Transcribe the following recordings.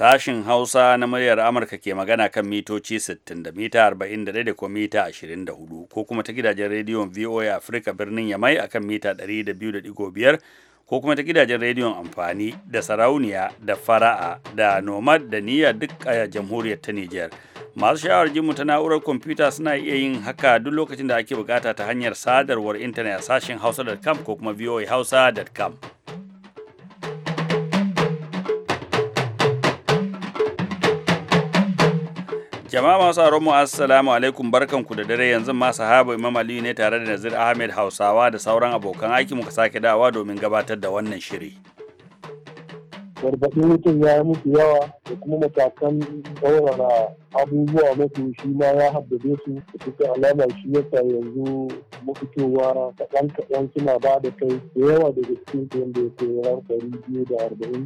Sashin Hausa na muryar Amurka ke magana kan mitoci 60 da mita 41 da ko mita 24 ko kuma ta gidajen rediyon VOA Afrika birnin Yamai akan mita 200.5 ko kuma ta gidajen rediyon amfani da sarauniya da fara'a da nomad da niyya duk a jamhuriyar ta Nijar. Masu sha'awar mu ta na'urar kwamfuta suna iya yin haka duk lokacin da ake bukata ta hanyar sadarwar intanet a sashen hausa.com ko kuma voahausa.com. Jama'a masu aron mu assalamu alaikum ku da dare yanzu ma sahaba Imam Aliyu ne tare da Nazir Ahmed Hausawa da sauran abokan aiki muka sake dawa domin gabatar da wannan shiri. Gargaɗin mutum ya yi musu yawa da kuma matakan ɗaurara abubuwa mafi shi ma ya haddade su da suka alama shi yasa yanzu mafitowa kaɗan-kaɗan suna ba da kai da yawa daga cikin wanda ya kai ran ɗari biyu da arba'in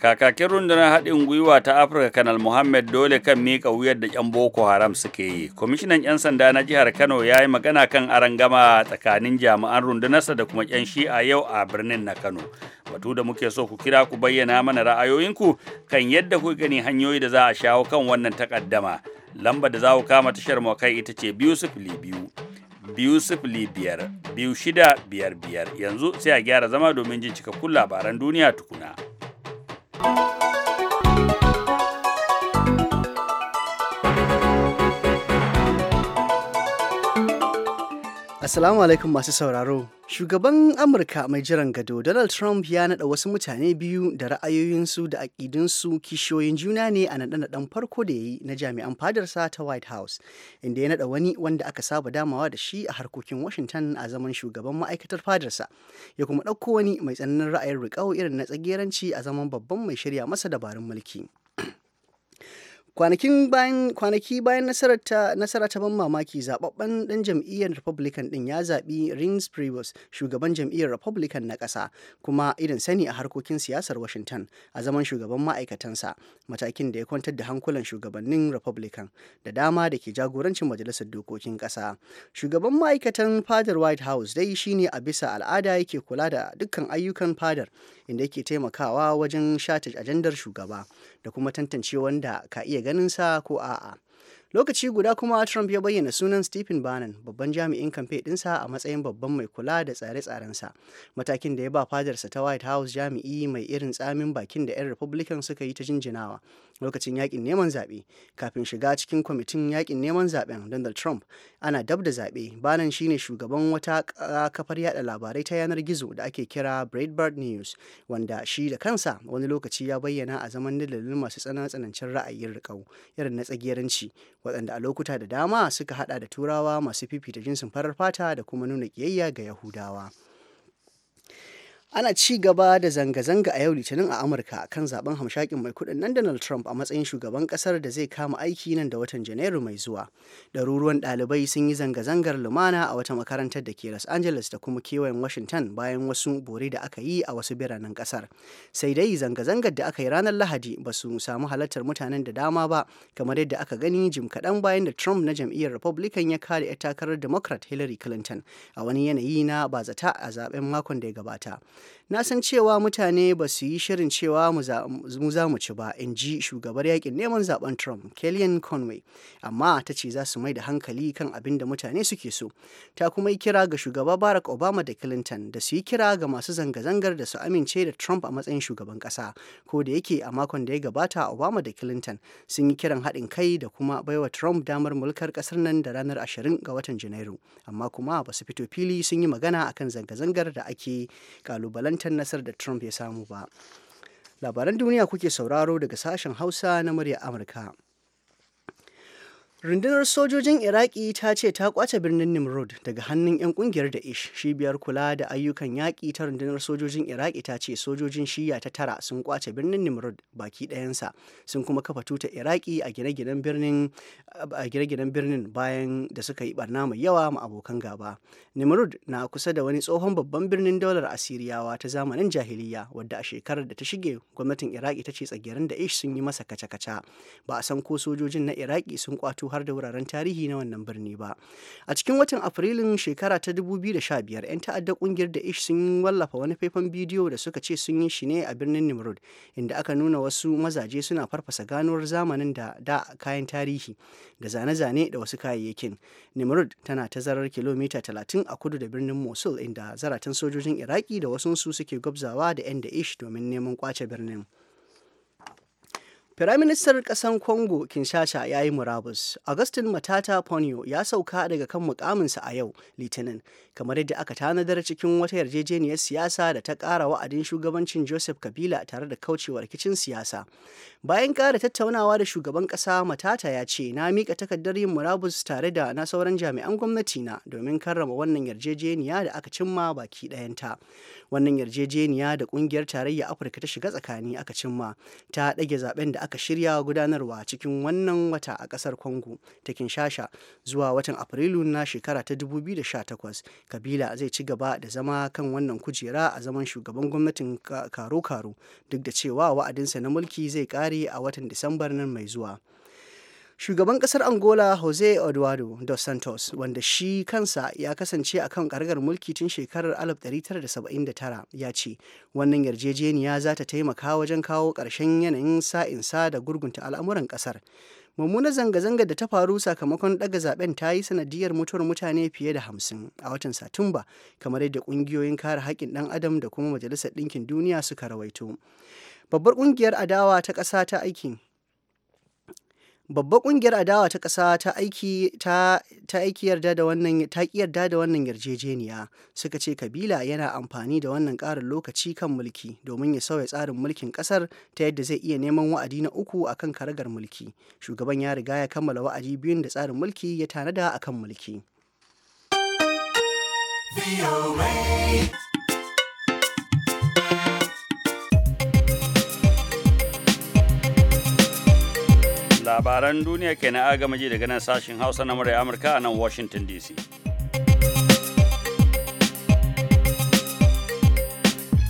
kakakin rundunar haɗin gwiwa ta afirka kanal muhammad dole kan miƙa wuyar da 'yan boko haram suke yi kwamishinan 'yan sanda na jihar kano ya yi magana kan arangama tsakanin jami'an rundunarsa da kuma 'yan shi'a yau a birnin na kano batu da muke so ku kira ku bayyana mana ra'ayoyinku kan yadda ku gani hanyoyi da za a shawo kan wannan takaddama lamba da za ku kama tashar mu kai ita ce biyu sifili biyu biyu sifili biyar biyu shida biyar biyar yanzu sai a gyara zama domin jin cikakkun labaran duniya tukuna. Bye. Assalamu alaikum masu sauraro. Shugaban Amurka mai jiran gado Donald Trump ya naɗa wasu mutane biyu da ra'ayoyinsu da aƙidinsu kishiyoyin juna ne a naɗe-naɗen farko da ya yi na jami'an fadarsa ta White House, inda ya naɗa wani wanda aka saba damawa da shi a harkokin Washington a zaman shugaban ma'aikatar fadarsa, ya kuma ɗauko wani mai tsananin ra'ayin riƙau irin na tsageranci a zaman babban mai shirya masa dabarun mulki. kwanaki bayan nasara ta ban mamaki zababben dan jam'iyyar republican ɗin ya zaɓi rings previous shugaban jam'iyyar republican na ƙasa kuma irin sani a harkokin siyasar washington a zaman shugaban ma'aikatansa matakin da ya kwantar da hankulan shugabannin republican da dama da ke jagorancin majalisar dokokin ƙasa shugaban ma'aikatan fadar white house dai shine a bisa al'ada yake kula da dukkan ayyukan fadar inda yake taimakawa wajen shata ajandar shugaba da kuma tantance wanda ka iya ganin sa ko a'a. lokaci guda kuma trump ya bayyana sunan stephen bannon babban jami'in kamfe dinsa a matsayin babban mai kula da tsare-tsarensa matakin da ya ba fadarsa ta white house jami'i mai irin tsamin bakin da 'yan republican suka yi ta jinjinawa lokacin yakin neman zaɓe kafin shiga cikin kwamitin yakin neman zaɓen donald trump ana dab da zaɓe bannon shine shugaban wata kafar yada labarai ta yanar gizo da ake kira breitbart news wanda shi da kansa wani lokaci ya bayyana a zaman dalilin masu tsanancin ra'ayin riƙau irin na tsagiranci waɗanda a lokuta da dama suka hada da turawa masu fifita jinsin farar fata da kuma nuna ƙiyayya ga yahudawa ana ci gaba da zanga-zanga a yau litinin a amurka kan zaben hamshakin mai kudin nan donald trump a matsayin shugaban kasar da zai kama aiki nan da watan janairu mai zuwa ɗaruruwan ɗalibai sun yi zanga-zangar lumana a wata makarantar da ke los angeles da kuma kewayen washington bayan wasu bore da aka yi a wasu biranen kasar sai dai zanga-zangar da aka yi ranar lahadi ba su samu halartar mutanen da dama ba kamar yadda aka gani jim kaɗan bayan da trump na jam'iyyar republican ya kare 'yar takarar democrat hillary clinton a wani yanayi na bazata a zaben makon da ya gabata na san cewa mutane ba su yi shirin cewa mu za mu ci ba in ji shugabar yakin neman zaben trump kellyanne conway amma ta ce za su mai da hankali kan abin da mutane suke so ta kuma yi kira ga shugaba barack obama da clinton da su yi kira ga masu zanga-zangar da su amince da trump a matsayin shugaban kasa ko da yake a makon da ya gabata obama da clinton sun yi kiran haɗin kai da kuma baiwa trump damar mulkar ƙasar nan da ranar ashirin ga watan janairu amma kuma ba su fito fili sun yi magana akan zanga-zangar da ake kalu kalubalantar nasar da Trump ya samu ba. Labaran duniya kuke sauraro daga sashen Hausa na murya Amurka. rundunar sojojin iraki ta ce ta kwace birnin nimrod daga hannun 'yan kungiyar da ish shibiyar kula da ayyukan yaƙi ta rundunar sojojin iraki ta ce sojojin shiya ta tara sun kwace birnin nimrod baki ɗayansa sun kuma kafa tuta iraki a gine-ginen birnin bayan da suka yi barna mai yawa ma abokan gaba nimrod na kusa da wani tsohon babban birnin daular asiriyawa ta zamanin jahiliya wadda a shekarar da ta shige gwamnatin iraki ta ce tsagerin da ish sun yi masa kaca-kaca ba a san ko sojojin na iraki sun kwato har da wuraren tarihi na wannan birni ba a cikin watan afrilun shekara ta 2015 'yan ta'addar kungiyar da ish sun wallafa wani faifan bidiyo da suka ce sun yi shi ne a birnin nimrod inda aka nuna wasu mazaje suna farfasa ganuwar zamanin da da kayan tarihi da zane-zane da wasu kayayyakin nimrod tana ta zarar kilomita 30 a kudu da birnin mosul inda zaratan sojojin iraki da wasunsu suke gwabzawa da 'yan da ish domin neman kwace birnin Firaministan ƙasar Congo Kinshasa ya yi murabus. Augustin Matata Ponyo ya sauka daga kan mukaminsa a yau Litinin, kamar yadda aka tanadar cikin wata yarjejeniyar siyasa da ta ƙara wa'adin shugabancin Joseph Kabila tare da kaucewa rikicin siyasa. bayan ƙara tattaunawa da shugaban kasa matata ya ce na mika takardar yin murabus tare da na sauran jami'an gwamnati na domin karrama wannan yarjejeniya da aka cimma baki ɗayanta wannan yarjejeniya da ƙungiyar tarayya afirka ta shiga tsakani aka cimma ta ɗage zaben da aka shirya gudanarwa cikin wannan wata a ƙasar congo ta kinshasa zuwa watan afrilu na shekara ta 2018 kabila zai ci gaba da zama kan wannan kujera a zaman shugaban gwamnatin karo-karo duk da cewa wa'adinsa na mulki zai ƙara jari a watan disambar nan mai zuwa shugaban kasar angola jose eduardo dos santos wanda shi kansa ya kasance a kan kargar mulki tun shekarar 1979 ya ce wannan yarjejeniya za ta taimaka wajen kawo ƙarshen yanayin sa'insa da gurgunta al'amuran kasar mummunar zanga-zangar da ta faru sakamakon daga zaben ta yi sanadiyar mutuwar mutane fiye da hamsin a watan satumba kamar yadda ƙungiyoyin kare haƙƙin ɗan adam da kuma majalisar ɗinkin duniya suka rawaito babbar ƙungiyar adawa ta ƙasa ta aikin babba kungiyar adawa ta kasa ta aiki yarda da wannan ta yarda da wannan yarjejeniya suka ce kabila yana amfani da wannan karin lokaci kan mulki domin ya sauya tsarin mulkin kasar ta yadda zai iya neman wa'adi na uku akan karagar mulki shugaban ya riga ya kammala wa'adi biyun da tsarin mulki ya tanada akan mulki labaran duniya ke na agama daga nan sashen hausa na murai amurka a nan washington dc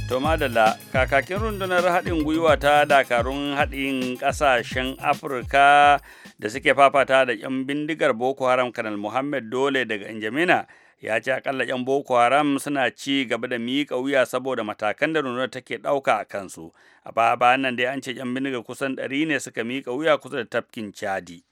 to madalla kakakin rundunar haɗin gwiwa ta dakarun haɗin ƙasashen afirka da suke fafata da 'yan bindigar boko haram kanal muhammad dole daga injamina ya ce akalla 'yan boko haram suna ci gaba da miƙa wuya saboda matakan da rundunar take ɗauka a kansu a baya bayan nan dai an ce 'yan bindiga kusan ɗari ne suka miƙa wuya kusa da tafkin chadi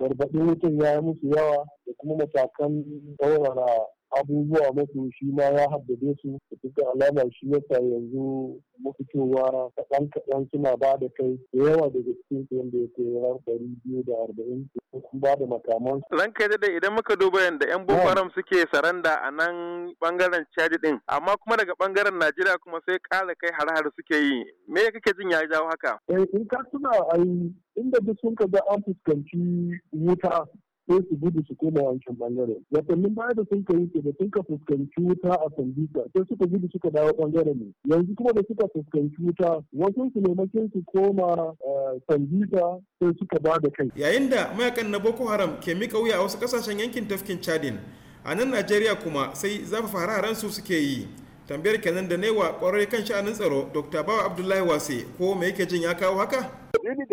gargaɗin mutum ya yi musu yawa da kuma matakan tsaurara abubuwa mafi shi ma ya haddade su da dukkan alama shi yasa yanzu mafitowa kaɗan kaɗan suna ba da kai da yawa daga cikin su yadda ya kai har ɗari biyu da arba'in sun ba da makaman. Ran kai da idan muka duba yadda 'yan Boko suke saranda a nan bangaren Chad ɗin, amma kuma daga bangaren Najeriya kuma sai ƙara kai har-har suke yi me kake jin ya jawo haka? Eh, in ka suna ai inda duk sun ka ga an fuskanci wuta sai su gudu su koma wancan bangaren watannin baya da sun kai ke da sun ka fuskanci wuta a sandika sai suka gudu suka dawo bangaren ne yanzu kuma da suka fuskanci wuta wasu su maimakon su koma eh, sandika sai suka ba da kai yayin da mayakan na boko haram ke mika wuya a wasu kasashen yankin tafkin chadin a nan najeriya kuma sai zafa hararen su suke yi tambayar kenan da newa kwarai kan sha'anin tsaro dr bawa abdullahi wase ko me yake jin ya kawo haka da irin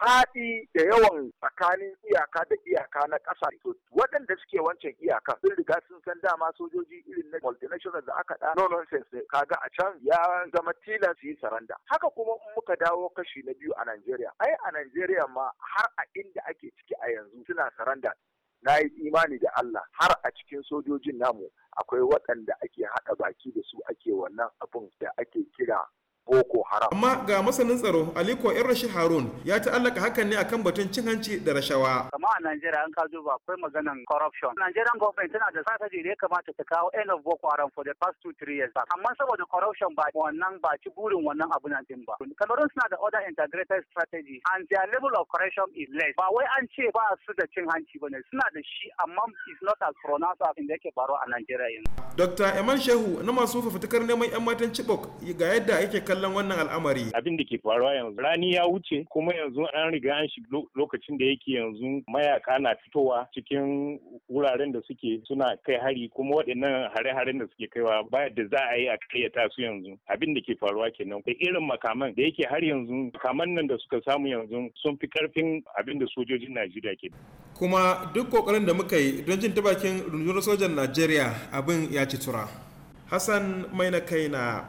faɗi da yawan tsakanin iyaka da iyaka na ƙasa waɗanda suke wancan iyaka sun riga sun san dama sojoji irin na multinational da aka ɗa no nonsense kaga a can ya zama tilas yi saranda haka kuma in muka dawo kashi na biyu a Najeriya ai a Najeriya ma har a inda ake ciki a yanzu suna saranda na yi imani da Allah har a cikin sojojin namu akwai waɗanda ake haɗa baki da su ake wannan abun da ake kira boko haram amma ga masanin tsaro aliko yan rashi harun ya ta'allaka hakan ne akan batun cin hanci da rashawa kama a najeriya an ka duba akwai maganan corruption nigerian government tana da strategy da ya kamata ta kawo end of boko haram for the past two three years back amma saboda corruption ba wannan ba ci burin wannan abu na din ba cameroon suna da other integrated strategy and their level of corruption is less ba wai an ce ba su da cin hanci ba ne. suna da shi amma is not as pronounced as da yake faruwa a najeriya yanzu dr eman shehu na masu fafutukar neman yan matan chibok ga yadda yake kallon wannan al'amari? Abin da ke faruwa yanzu rani ya wuce kuma yanzu an riga an shi lokacin da yake yanzu mayaka na fitowa cikin wuraren da suke suna kai hari kuma waɗannan hare-haren da suke kaiwa ba da za a yi a kayyata su yanzu abin da ke faruwa kenan da irin makaman da yake har yanzu makaman nan da suka samu yanzu sun fi karfin abin da sojojin Najeriya ke. Kuma duk kokarin da muka yi don jin ta bakin rundunar sojan Najeriya abin ya ci tura. Hassan mai na kaina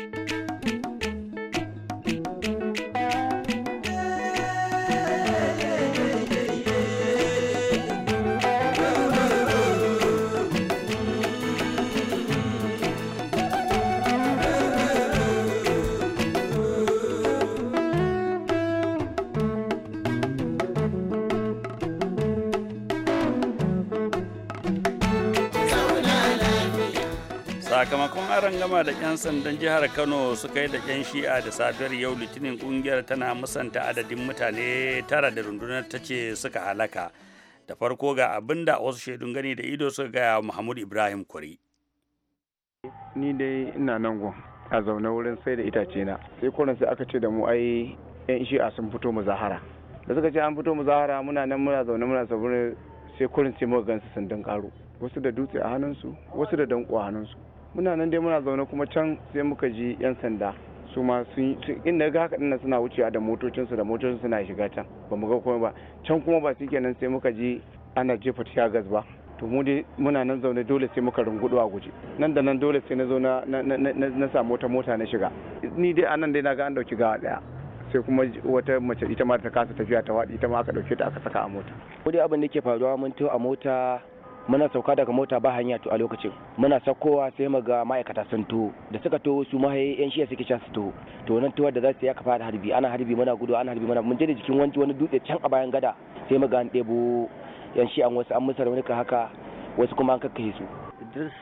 sakamakon aron gama da 'yan sandan jihar kano suka yi da 'yan shi'a da safiyar yau litinin kungiyar tana musanta adadin mutane tara da rundunar ta ce suka halaka da farko ga abin da wasu shaidun gani da ido suka gaya mahmud ibrahim kwari ni dai ina nan gun a zaune wurin sai da itace na sai kurin sai aka ce da mu ai 'yan shi'a sun fito muzahara da suka ce an fito muzahara muna nan muna zaune muna saboda sai kurin sai muka gansu sun dan karo wasu da dutse a hannunsu wasu da danko a hannunsu muna nan dai muna zaune kuma can sai muka ji yan sanda su ma sun inda ga haka dinnan suna wucewa da motocinsu da motocin suna shiga can ba mu ga kuma ba can kuma ba su kenan sai muka ji ana jefa gas ba to mu dai muna nan zaune dole sai muka rungudu a guje nan da nan dole sai na zo na na sa mota na shiga ni dai anan dai na ga an dauki gawa daya sai kuma wata mace ita ma ta kasa tafiya ta wadi ita ma aka dauke ta aka saka a mota. Ko dai abin da ke faruwa mun to a mota muna sauka daga mota ba hanya to a lokacin muna sakowa sai mu ga ma'aikata sun to da suka to su mahaye yan shiya suke sha su to to nan tuwar da za su ya kafa da harbi ana harbi muna gudu ana harbi muna mun je da jikin wani wani dutse can a bayan gada sai mu ga an ɗebo yan shi an wasu an wani ka haka wasu kuma an kakkashe su Idris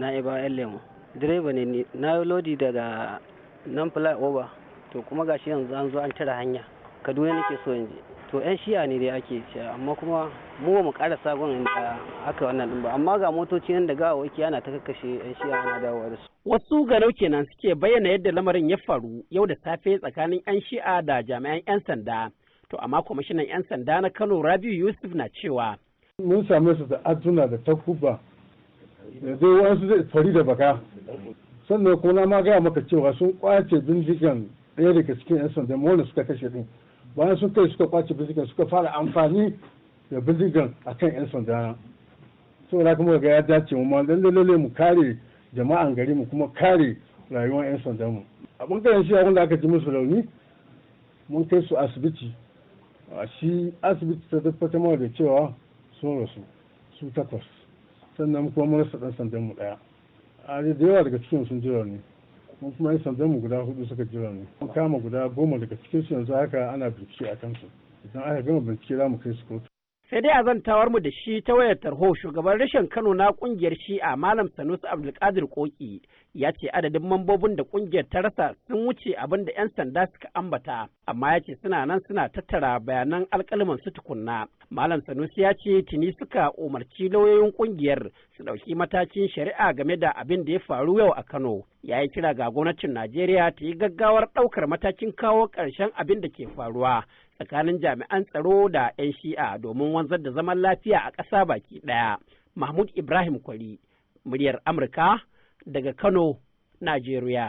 na iba yan lemu direba ne ni na yi lodi daga nan fly over to kuma gashi yanzu an zo an tara hanya kaduna nake so in je to yan shi'a ne dai ake ce amma kuma mu ba mu ƙara sagon inda aka wannan din ba amma ga motoci nan da gawawaki ana ta kakkashe yan shi'a ana dawowa da su wasu garau kenan suke bayyana yadda lamarin ya faru yau da safe tsakanin yan shi'a da jami'an yan sanda to amma kwamishinan yan sanda na Kano Rabiu Yusuf na cewa mun same su da azuna da takuba da dai wasu zai fari da baka sannan kuma na ma ga maka cewa sun kwace bindigan ɗaya daga cikin yan sanda mu wanda suka kashe din bayan sun kai suka kwace bindigan suka fara amfani da bindigan akan yan sanda da kuma ga ya dace mu ma lalle mu kare jama'an gari mu kuma kare rayuwar yan sanda mu a bangaren shi da aka ji musu rauni mun kai su asibiti a shi asibiti ta tabbatar mana da cewa sun rasu su takwas sannan kuma mun rasa dan sandan mu daya a da yawa daga cikin sun ji rauni mun kuma yi sanzan mu guda hudu suka jira mu mun kama guda goma daga cikin su yanzu haka ana bincike a kansu idan aka gama bincike za mu kai su kotu sai dai a tawar mu da shi ta wayar tarho shugaban rashin Kano na kungiyar Shi'a Malam Sanusi Abdulkadir Koki ya ce adadin mambobin da kungiyar ta rasa sun wuce abin da 'yan sanda suka ambata amma ya ce suna nan suna tattara bayanan alkalaman su tukunna malam sanusi ya ce tuni suka umarci lauyoyin kungiyar su ɗauki matakin shari'a game da abin da ya faru yau a kano ya yi kira ga gwamnatin najeriya ta yi gaggawar ɗaukar matakin kawo ƙarshen abin da ke faruwa tsakanin jami'an tsaro da 'yan shi'a domin wanzar da zaman lafiya a ƙasa baki ɗaya mahmud ibrahim kwari muryar amurka daga Kano, Najeriya.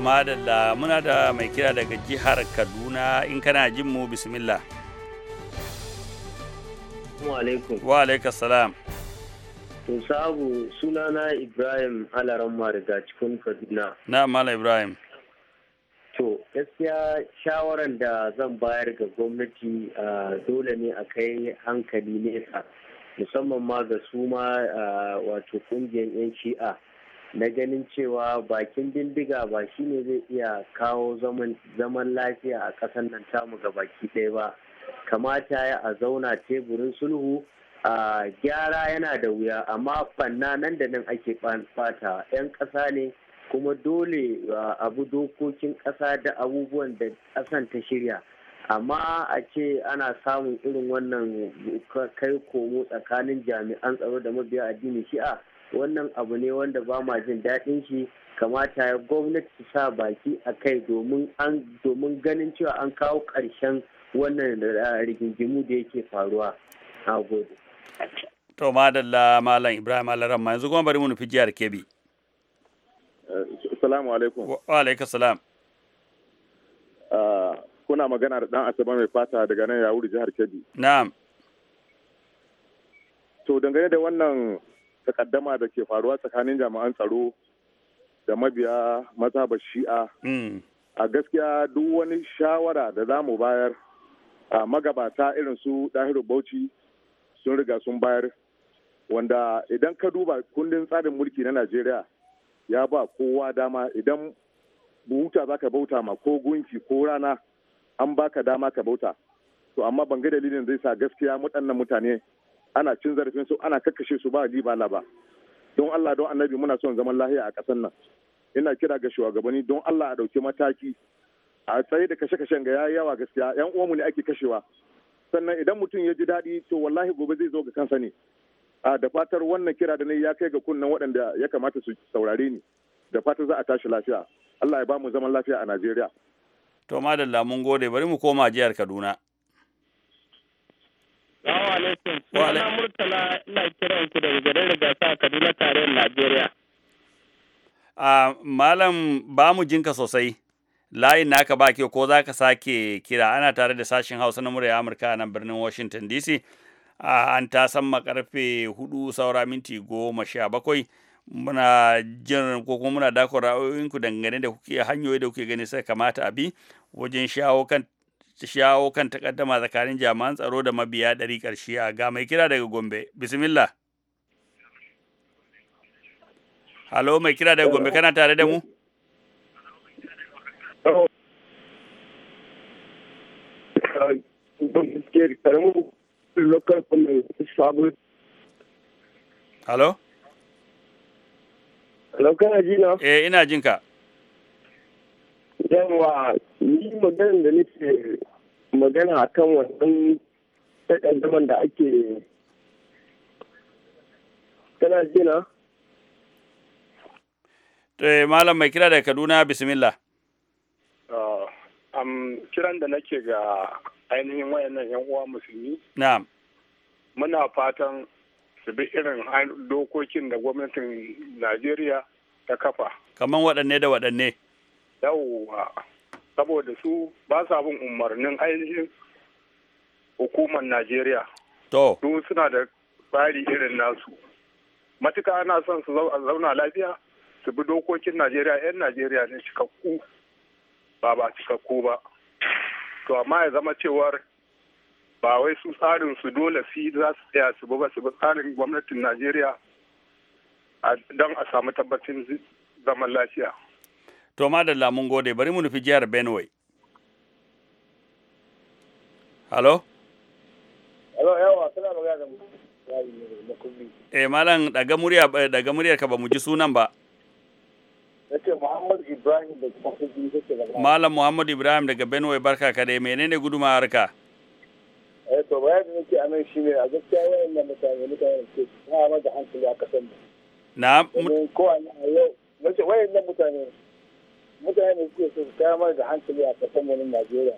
da muna da mai kira daga jihar kaduna in kana jin mu bismillah wa alaikum salam to sabu sunana ibrahim alaramma mariga cikin kaduna na mala ibrahim to gaskiya shawaran da zan bayar ga gwamnati dole ne a kai hankali nesa musamman ma ga suma ma wato kungiyar 'yan shi'a na ganin cewa bakin bindiga ba shi ne zai iya kawo zaman lafiya a ƙasar nan tamu ga baki ɗaya ba kamata ya a zauna teburin sulhu a gyara yana da wuya amma fanna nan da nan ake fata 'yan ƙasa ne kuma dole abu dokokin ƙasa da abubuwan da ƙasan ta shirya amma a ce ana samun irin wannan kai komo tsakanin jami'an tsaro da mabiya addini shi'a wannan abu ne wanda ba ma jin daɗin shi kamata ya gwamnati su sa baki a kai domin ganin cewa an kawo ƙarshen wannan rigingimu da yake faruwa a gode. to madalla malam ibrahim alaram yanzu kuma bari mu nufi jihar kebbi Salamu alaikum wa alaikum salam ah, kuna magana da dan asaba mai fata daga nan yawuri jihar kebbi na'am to dangane da wannan takaddama da ke faruwa tsakanin jami'an tsaro da mabiya mazhaba shi'a hmm. a gaskiya duk wani shawara da za mu bayar a magabata irin su dahiru bauchi sun riga sun bayar wanda idan ka duba kundin tsarin mulki na najeriya ya ba kowa dama idan buhuta za ka bauta ma ko gunki ko rana an baka dama ka bauta to amma ban ga dalilin zai sa gaskiya waɗannan mutane ana cin zarafin su ana kakkashe su ba ji ba laba don Allah don annabi muna son zaman lahiya a ƙasar nan ina kira ga shugabanni don Allah a ɗauki mataki a tsaye da kashe-kashen ga yayi yawa gaskiya yan uwanmu ne ake kashewa sannan idan mutum ya ji daɗi to wallahi gobe zai zo ga kansa ne a da fatar wannan kira da nayi ya kai ga kunnan waɗanda ya kamata su saurare ni da fatar za a tashi lafiya Allah ya ba mu zaman lafiya a Najeriya to madalla mun gode bari mu koma jihar Kaduna alaikum. Murtala ina kiran ku daga garin Rigasa a Kaduna tarayyar Najeriya. Malam ba mu jinka sosai. Layin naka ba ke ko za ka sake kira ana tare da sashen Hausa na murya Amurka a nan birnin Washington DC. an ta samma karfe hudu saura minti goma sha bakwai. muna jin ko kuma muna dakon ra'ayoyinku dangane da kuke hanyoyi da kuke gani sai kamata a bi wajen shawo kan shawo kan takaddama tsakanin jami'an tsaro da mabiya ɗari ƙarshe a ga mai kira daga Gombe. Bismillah. Halo mai kira daga Gombe kana tare da mu? Halo? Halo kana ji na? Eh ina jinka. Yawa, ni magana da nake magana a kan wannan zaman da ake tana jina eh, malam mai kira da kaduna bismillah ah, am kiran da nake ga ainihin wayannan yan uwa musulmi na'am muna fatan su bi irin dokokin da gwamnatin najeriya ta kafa kaman waɗanne da waɗanne yawwa saboda su ba sa bin umarnin ainihin hukumar najeriya to su suna da tsari irin nasu matuka ana son su zauna lafiya su bi dokokin najeriya 'yan najeriya ne cikakku ba ba cikakku ba to amma ya zama cewar ba wai su tsarin su dole su za su tsaya su ba su bi tsarin gwamnatin najeriya don a samu tabbacin zaman lafiya To madalla mun gode bari mu nufi jihar Benue. Halo? Halo yawa suna magana da mutum. Eh malam daga murya eh, daga muryar ka ba mu ji sunan ba. Malam Muhammad Ibrahim daga Benue barka ka dai menene gudumawar ka? Eh to bayan da nake anan shine a gaskiya wayannan mutane mutane ke ba da hankali a kasan. Na ko a yau nace wayannan mutane mutane suke su samar da hankali a ƙasar wani Najeriya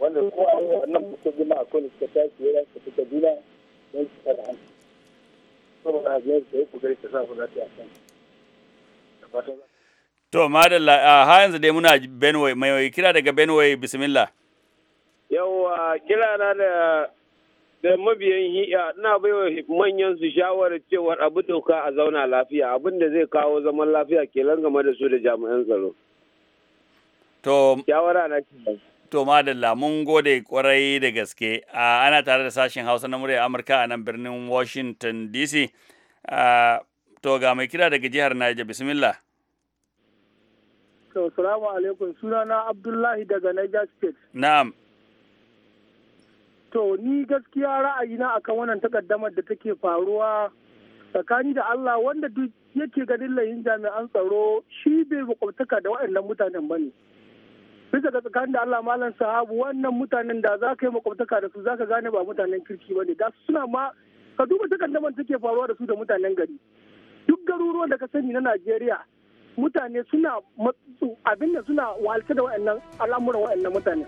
wanda ko a wannan mutum jima a kone suka tashi ya su suka juna don su fara hankali ba a biyar da ya kugari ta sa ku za ta yi a kan To, madalla, uh, ha yanzu dai muna Benway, mai kira daga Benway, bismillah. Yawwa, kira na da da mabiyan hiya ina wa manyan su shawarar cewar abu doka a zauna lafiya abin da zai kawo zaman lafiya ke langama da su da jami'an tsaro. To To madalla mun gode kwarai da gaske. ana tare da sashen Hausa na murya Amurka a nan birnin Washington DC. to ga mai kira daga jihar Niger bismillah. To salamu alaikum sunana Abdullahi daga Niger State. Na'am. To ni gaskiya ra'ayina akan wannan takaddamar da take faruwa tsakani da Allah wanda duk yake ganin layin jami'an tsaro shi bai makwabtaka da waɗannan mutanen bane. ne. bisa ga tsakanin da Allah malam sahabu wannan mutanen da za ka yi makwabtaka da su za ka gane ba mutanen kirki ba ne da suna ma ka duba takandaman take faruwa da su da mutanen gari duk garuruwan da ka sani na Najeriya mutane suna abin da suna walta da wa'annan al'amuran wa'annan mutane.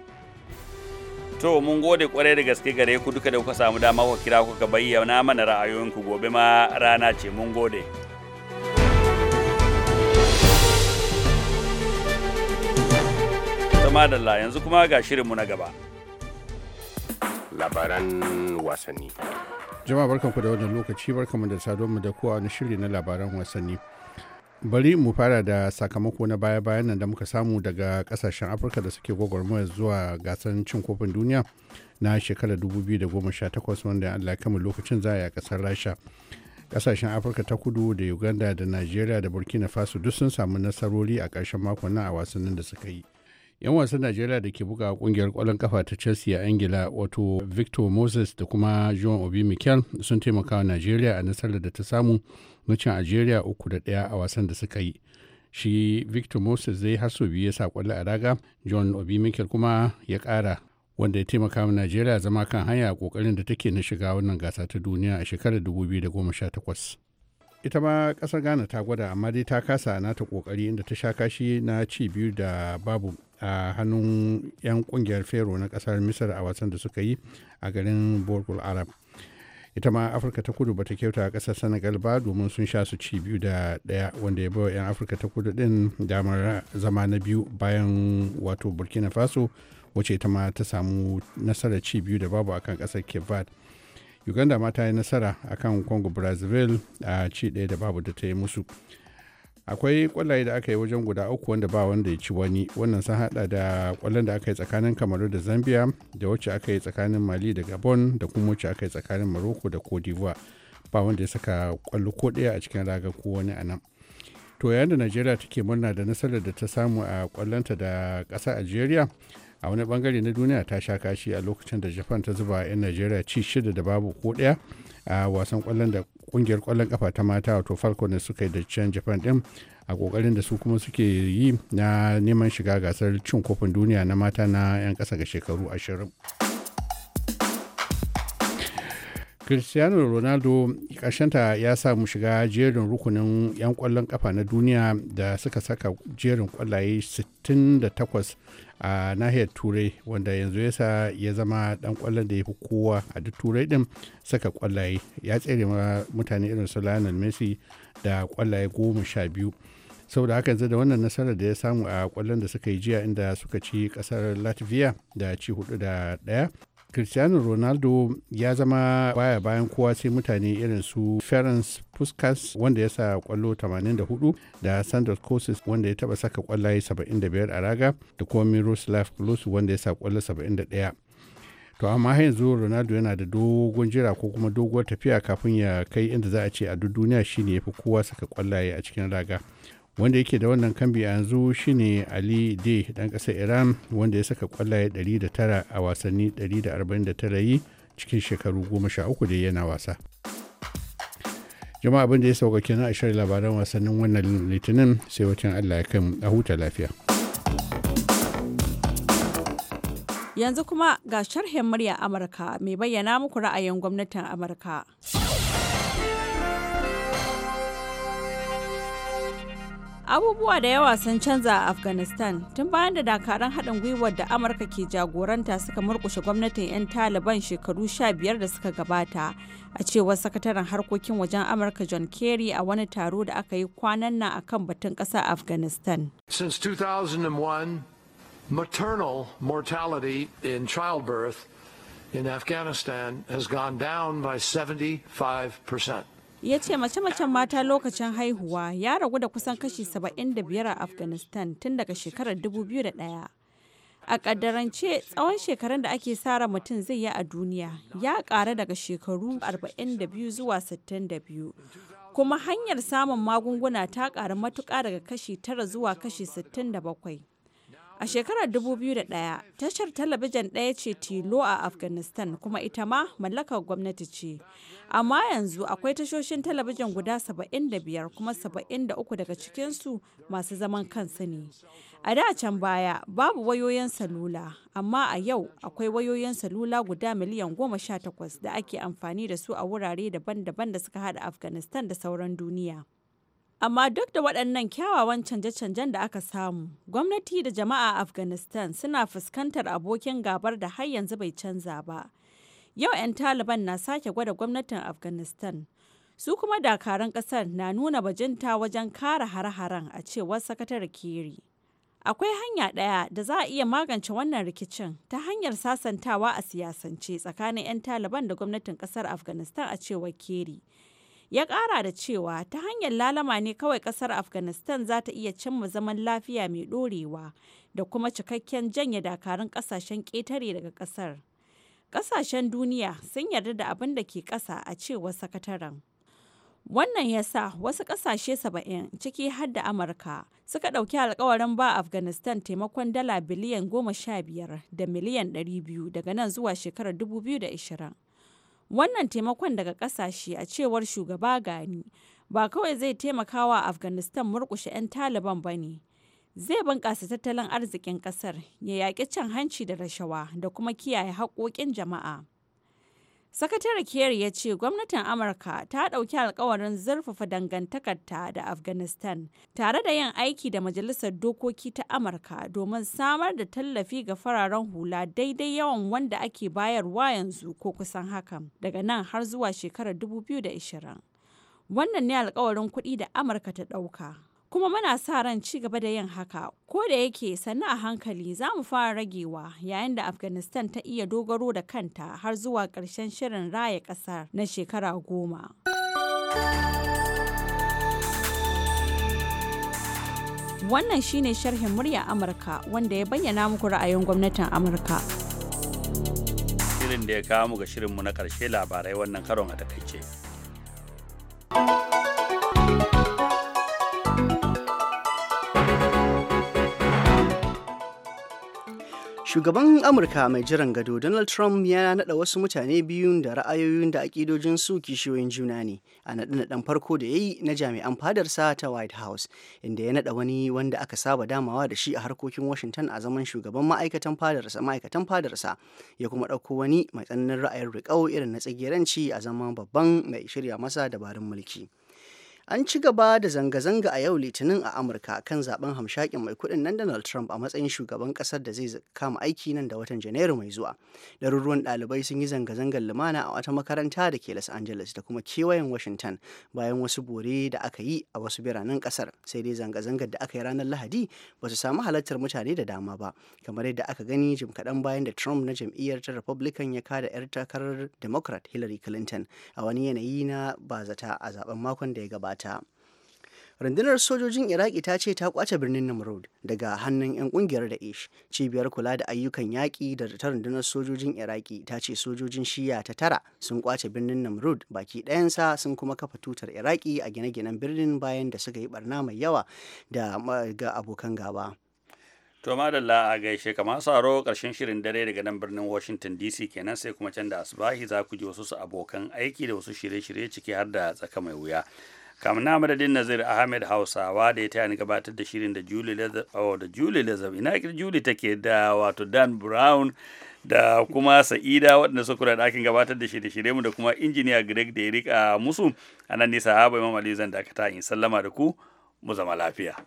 To mun gode kwarai da gaske gare ku duka da kuka samu dama ku kira kuka bayyana mana ra'ayoyinku gobe ma rana ce mun gode. madalla yanzu kuma ga shirin mu na gaba. Labaran wasanni. Jama'a barkanku da wannan lokaci barkanmu da sadonmu da kowa na shiri na labaran wasanni. bari mu fara da sakamako na baya-bayan nan da muka samu daga kasashen afirka da suke gwagwarmaya zuwa gasar cin kofin duniya na shekarar 2018 wanda allah kama lokacin za a kasar rasha kasashen afirka ta kudu da uganda da Najeriya da burkina faso duk sun samu nasarori a ƙarshen makon nan a wasannin da suka yi 'yan wasan najeriya da ke buga kungiyar kwallon kafa ta chelsea a ingila wato victor moses da kuma john obi mikel sun taimaka wa najeriya a nasarar da ta samu na cin algeria uku da daya a wasan da suka yi shi victor moses zai haso biyu ya sa kwallo a raga john obi mikel kuma ya kara wanda ya taimaka wa najeriya zama kan hanya a kokarin da take na shiga wannan gasa ta duniya a shekarar 2018 ita ma kasar ghana ta gwada amma dai ta kasa nata kokari inda ta sha kashi na ci biyu da babu a hannun 'yan kungiyar fero na kasar misar a wasan da suka yi a garin borgul arab ita ma afirka ta kudu bata kyauta a kasar senegal ba domin sun sha su ci biyu da daya wanda ya bawa 'yan afirka ta kudu din damar zama na biyu bayan wato burkina faso wacce ita ma ta samu nasarar ci biyu da babu akan kasar kevad uganda ma ta yi nasara akan congo brazil a ci daya da babu da ta yi musu akwai kwallaye da aka yi wajen guda uku wanda ba wanda ya ci wani wannan sun hada da kwallon da aka yi tsakanin kamaru da zambia da wacce aka yi tsakanin mali da gabon da kuma wacce aka yi tsakanin maroko da cote ba wanda ya saka kwallo ko ɗaya a cikin raga ko wani a nan to yayin da najeriya take murna da nasarar da ta samu a kwallonta da ƙasa algeria a wani bangare na duniya ta sha kashi a lokacin da japan ta zuba 'yan najeriya ci shida da babu ko daya a wasan kwallon da kungiyar kwallon kafa ta mata wato falcon suka yi da can japan din a kokarin da su kuma suke yi na neman shiga gasar cin kofin duniya na mata na 'yan kasa ga shekaru ashirin. cristiano ronaldo ta ya samu shiga jerin rukunin 'yan kwallon kafa na duniya da suka saka jerin kwallaye 68 a nahiyar turai wanda yanzu yasa ya zama dan kwallon da ya fi kowa a duk turai din saka kwallaye ya tsere ma mutane irin su lionel messi da kwallaye goma sha biyu saboda haka yanzu da wannan nasarar da ya samu a kwallon da suka yi jiya inda suka ci kasar latvia da ci hudu da daya cristiano ronaldo ya zama baya bayan kowa sai mutane irin su ferenc puskas wanda ya sa kwallo 84 da sanders cosis wanda ya taba saka kwallaye 75 a raga da kuma miroslav klose wanda ya sa kwallo 71 to amma yanzu ronaldo yana da dogon jira ko kuma doguwar tafiya kafin ya kai inda za a ce a duk duniya shine ya fi kowa saka kwallaye a cikin raga wanda yake da wannan kambi a yanzu shine ali de dan kasar iran wanda ya saka kwallaye 109 a wasanni 149 yi cikin shekaru 13 da yana wasa jama'a abinda ya sauka kenan a shirin labaran wasannin wannan litinin sai wacin allah ya kan a huta lafiya yanzu kuma ga sharhin murya amurka mai bayyana muku ra'ayin gwamnatin amurka. abubuwa da yawa sun canza a afghanistan tun bayan da dakaran haɗin gwiwar da amurka ke jagoranta suka murkushe gwamnatin 'yan taliban shekaru 15 da suka gabata a cewar sakataren harkokin wajen amurka john kerry a wani taro da aka yi kwanan nan a kan batun ƙasa afghanistan since 2001 maternal mortality in childbirth in afghanistan has gone down by 75 ya ce mace-macen mata lokacin haihuwa ya ragu da kusan kashi 75 a afghanistan tun daga shekarar 2001 a ƙaddarance tsawon shekarun da ake tsara mutum zai yi a duniya ya ƙara daga shekaru 42 zuwa 62 kuma hanyar samun magunguna ta ƙara matuƙa daga kashi 9 zuwa kashi 67 A shekarar 2001, tashar talabijin ɗaya ce tilo a Afghanistan kuma ita ma mallakar gwamnati ce. Amma yanzu akwai tashoshin talabijin guda 75 kuma 73 daga cikinsu masu zaman kansu ne. A da can baya babu wayoyin salula, amma a yau akwai wayoyin salula guda miliyan 18 da ake amfani da su a wurare daban-daban da suka hada Afghanistan da sauran duniya. Amma duk da waɗannan kyawawan canje-canjen da aka samu, gwamnati da jama'a a Afghanistan suna fuskantar abokin gabar da har yanzu bai canza ba. Yau 'yan Taliban na sake gwada gwamnatin Afghanistan. Su kuma dakaran ƙasar na nuna bajinta wajen kare har haren a cewar sakatare Keri. Akwai hanya ɗaya da za a iya magance wannan rikicin ta hanyar sasantawa a siyasance tsakanin 'yan Taliban da gwamnatin ƙasar Afghanistan a cewar Keri. ya kara da cewa ta hanyar lalama ne kawai kasar afghanistan za ta iya cimma zaman lafiya mai dorewa da kuma cikakken janye dakarun kasashen ƙetare daga kasar kasashen duniya sun yarda da abin da ke ƙasa a cewar sakataren wannan ya sa wasu ƙasashe 70 ciki har da amurka suka ɗauki alkawarin ba afghanistan taimakon dala biliyan 15 da miliyan 200 daga nan zuwa shekarar 2020 Wannan taimakon daga kasashe a cewar shugaba Gani ba kawai zai taimakawa Afghanistan murkushe 'yan Taliban ba ne. Zai bunƙasa tattalin arzikin ƙasar, ya yaƙi cin hanci da rashawa da kuma kiyaye haƙoƙin jama'a. sakatare kerry ya ce gwamnatin amurka ta ɗauki alkawarin zurfafa dangantakarta da afghanistan tare da yin aiki da majalisar dokoki ta amurka domin samar da tallafi ga fararen hula daidai yawan wanda ake bayarwa yanzu ko kusan hakan daga nan har zuwa shekarar 2020 wannan ne alkawarin kuɗi da amurka ta ɗauka kuma muna sa ran ci gaba da yin haka ko da yake sannu a hankali za mu fara ragewa yayin da afghanistan ta iya dogaro da kanta har zuwa ƙarshen shirin raya ƙasar na shekara goma wannan shine sharhin murya amurka wanda ya bayyana muku ra'ayin gwamnatin amurka shirin da ya kawo mu ga shirinmu na ƙarshe labarai wannan karon a takaice. Shugaban Amurka mai jiran gado Donald Trump ya naɗa wasu mutane biyun da ra'ayoyin da aƙidojin su kishiyoyin juna ne a naɗe-naɗen farko da ya yi na jami'an fadarsa ta White House, inda ya naɗa wani wanda aka saba damawa da shi a harkokin Washington a zaman shugaban ma'aikatan fadarsa ma'aikatan fadarsa ya kuma ɗauko wani mai tsananin ra'ayin riƙau irin na tsagiranci a zaman babban mai shirya masa dabarun mulki. an ci gaba da zanga-zanga a yau litinin a amurka kan zaben hamshakin mai kudin nan donald trump a matsayin shugaban kasar da zai kama aiki nan da watan janairu mai zuwa ɗaruruwan ɗalibai sun yi zanga-zangar lumana a wata makaranta da ke los angeles da kuma kewayen washington bayan wasu bore da aka yi a wasu biranen kasar sai dai zanga-zangar da aka yi ranar lahadi ba su samu halartar mutane da dama ba kamar yadda aka gani jim kaɗan bayan da trump na jam'iyyar ta republican ya kada 'yar takarar democrat hillary clinton a wani yanayi na bazata a zaben makon da ya gabata ta rundunar sojojin iraki ta ce ta kwace birnin namrud daga hannun 'yan kungiyar da ish cibiyar kula da ayyukan yaƙi da ta rundunar sojojin iraki ta ce sojojin shiya ta tara sun kwace birnin namrud baki ɗayansa sun kuma kafa tutar iraki a gine-ginen birnin bayan da suka yi barna mai yawa da ga abokan gaba to madalla a gaishe kamar saro karshen shirin dare daga nan birnin washington dc kenan sai kuma can da asubahi za ku ji wasu abokan aiki da wasu shirye-shirye ciki har da tsaka mai wuya kamar na madadin nazir ahmed hausawa da ya taya ni gabatar da shirin da julie oh, da julie lazar ina kira julie take da wato dan brown da kuma sa'ida waɗanda suka kura da gabatar da shirye-shirye mu da kuma injiniya greg da ya rika musu a nan nisa imam ali zan dakata in sallama da ku mu zama lafiya